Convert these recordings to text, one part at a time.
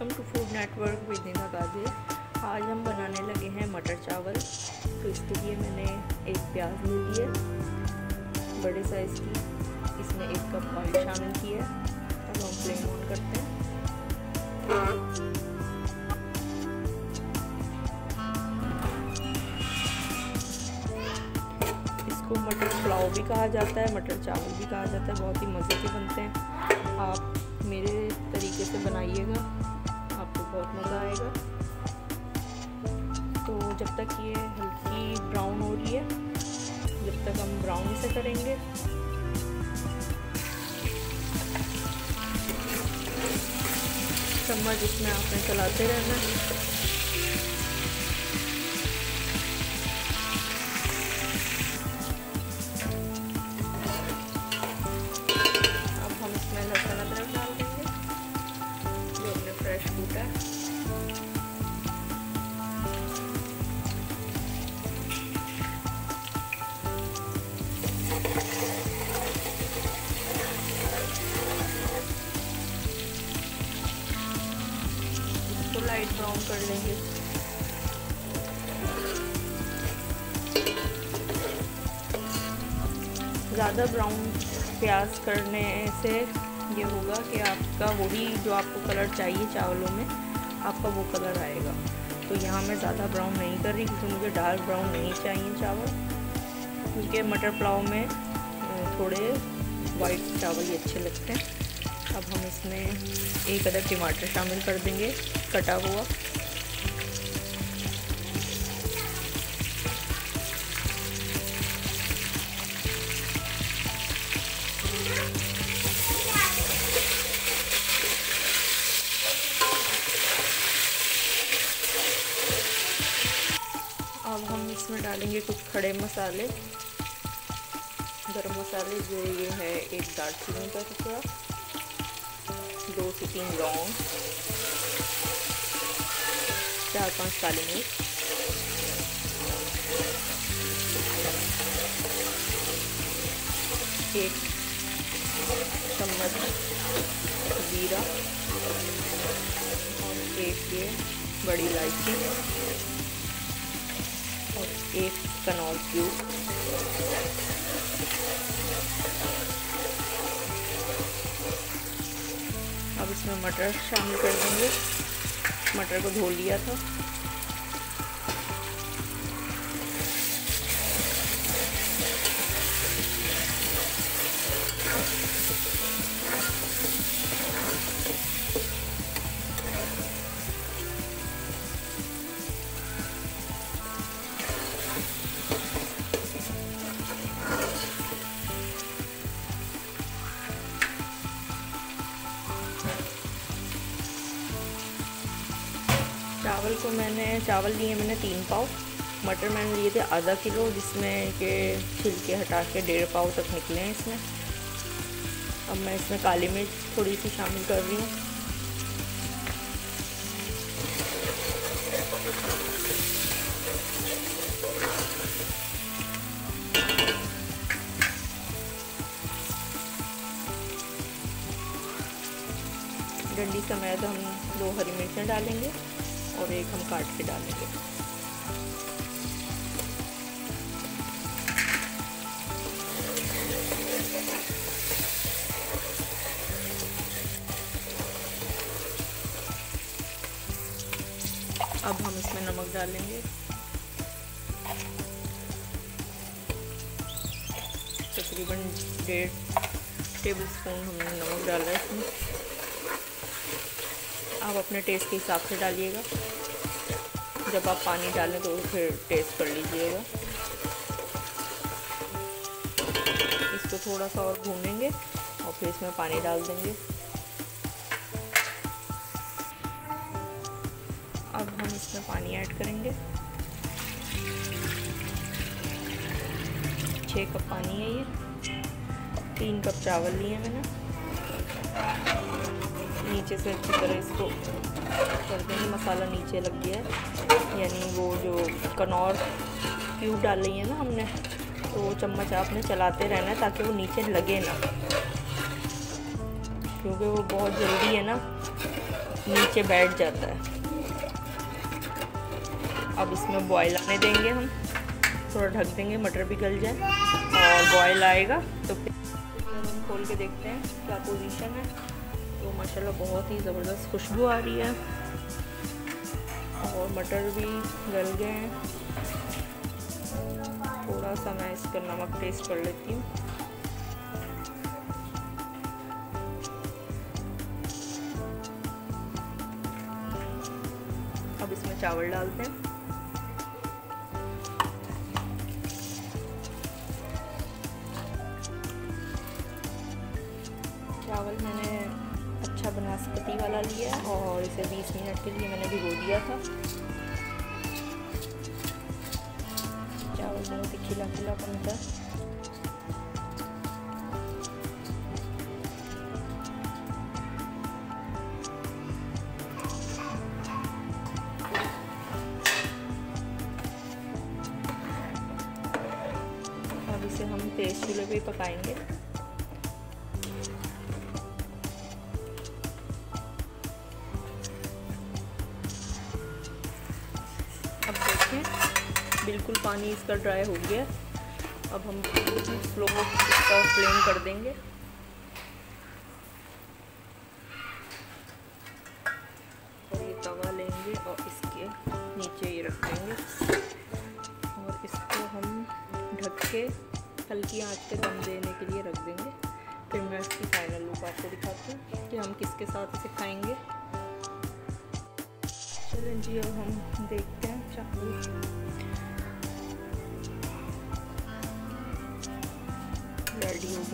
welcome to food network with Nidha Ghazi आज हम बनाने लगे हैं मटर चावल तो इसके लिए मैंने एक प्याज ले ली है बड़े साइज़ की इसमें एक कप ऑयल शामिल किया है अब हम फ्लेम ऑन करते हैं इसको मटर पुलाव भी कहा जाता है मटर चावल भी कहा जाता है बहुत ही मज़े के बनते हैं आप मेरे तरीके से बनाइएगा बहुत मज़ा आएगा तो जब तक ये हल्की ब्राउन हो रही है जब तक हम ब्राउन से करेंगे चम्मच इसमें आपने चलाते रहना है ब्राउन कर लेंगे ज़्यादा ब्राउन प्याज करने से ये होगा कि आपका वही जो आपको कलर चाहिए चावलों में आपका वो कलर आएगा तो यहाँ मैं ज़्यादा ब्राउन नहीं कर रही क्योंकि मुझे डार्क ब्राउन नहीं चाहिए चावल क्योंकि मटर पुलाव में थोड़े वाइट चावल ही अच्छे लगते हैं अब हम इसमें एक अदर टमाटर शामिल कर देंगे कटा हुआ अब हम इसमें डालेंगे कुछ खड़े मसाले गरम मसाले जो ये है एक दालचीनी का टुकड़ा टिकिंग लौंग चार पाँच काली मिर्च एक चम्मच जीरा और एक ये बड़ी इलायची और एक कनौल क्यूब इसमें मटर शामिल कर देंगे मटर को धो लिया था चावल को तो मैंने चावल लिए मैंने तीन पाव मटर मैंने लिए थे आधा किलो जिसमें के छिलके हटा के डेढ़ पाव तक निकले हैं इसमें अब मैं इसमें काली मिर्च थोड़ी सी शामिल कर रही हूँ डंडी समय तो हम दो हरी मिर्चें डालेंगे और एक हम काट के डालेंगे अब हम इसमें नमक डालेंगे तकरीबन डेढ़ टेबल स्पून हमने नमक डाला है इसमें आप अपने टेस्ट के हिसाब से डालिएगा जब आप पानी डालें तो फिर टेस्ट कर लीजिएगा इसको थोड़ा सा और भूनेंगे और फिर इसमें पानी डाल देंगे अब हम इसमें पानी ऐड करेंगे छः कप पानी है ये तीन कप चावल लिए मैंने नीचे से अच्छी तरह इसको कर देंगे मसाला नीचे लग गया है यानी वो जो कनौर क्यूब डाल रही है ना हमने तो वो चम्मच आपने चलाते रहना है ताकि वो नीचे लगे ना क्योंकि वो बहुत जल्दी है ना नीचे बैठ जाता है अब इसमें बॉयल आने देंगे हम थोड़ा ढक देंगे मटर भी गल जाए और बॉयल आएगा तो फिर खोल के देखते हैं क्या पोजीशन है तो माशाल्लाह बहुत ही ज़बरदस्त खुशबू आ रही है और मटर भी गल गए हैं थोड़ा सा मैं इस पर नमक टेस्ट कर लेती हूँ अब इसमें चावल डालते हैं चावल मैंने अच्छा बनास्पति वाला लिया और इसे 20 मिनट के लिए मैंने भिगो दिया था चावल बहुत ही खिला खिला बनता अब इसे हम तेज चूल्हे पे पकाएंगे बिल्कुल पानी इसका ड्राई हो गया अब हम स्लो इसका फ्लेम कर देंगे और ये तवा लेंगे और इसके नीचे ये रख देंगे और इसको हम ढक के हल्की आँच पे दम देने के लिए रख देंगे फिर मैं इसकी फाइनल लुक आपको दिखाती हूँ कि हम किसके साथ इसे खाएंगे चलें जी अब हम देखते हैं चाकू जी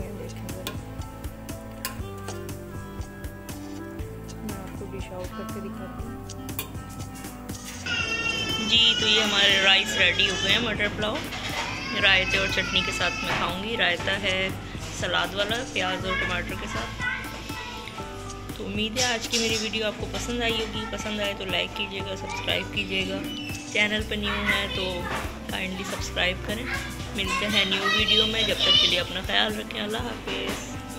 तो ये हमारे राइस रेडी हो गए हैं मटर पुलाव रायते और चटनी के साथ मैं खाऊंगी रायता है सलाद वाला प्याज और टमाटर के साथ तो उम्मीद है आज की मेरी वीडियो आपको पसंद आई होगी पसंद आए तो लाइक कीजिएगा सब्सक्राइब कीजिएगा चैनल पर न्यू है तो काइंडली सब्सक्राइब करें मिलते हैं न्यू वीडियो में जब तक के लिए अपना ख्याल रखें अल्लाह हाफिज़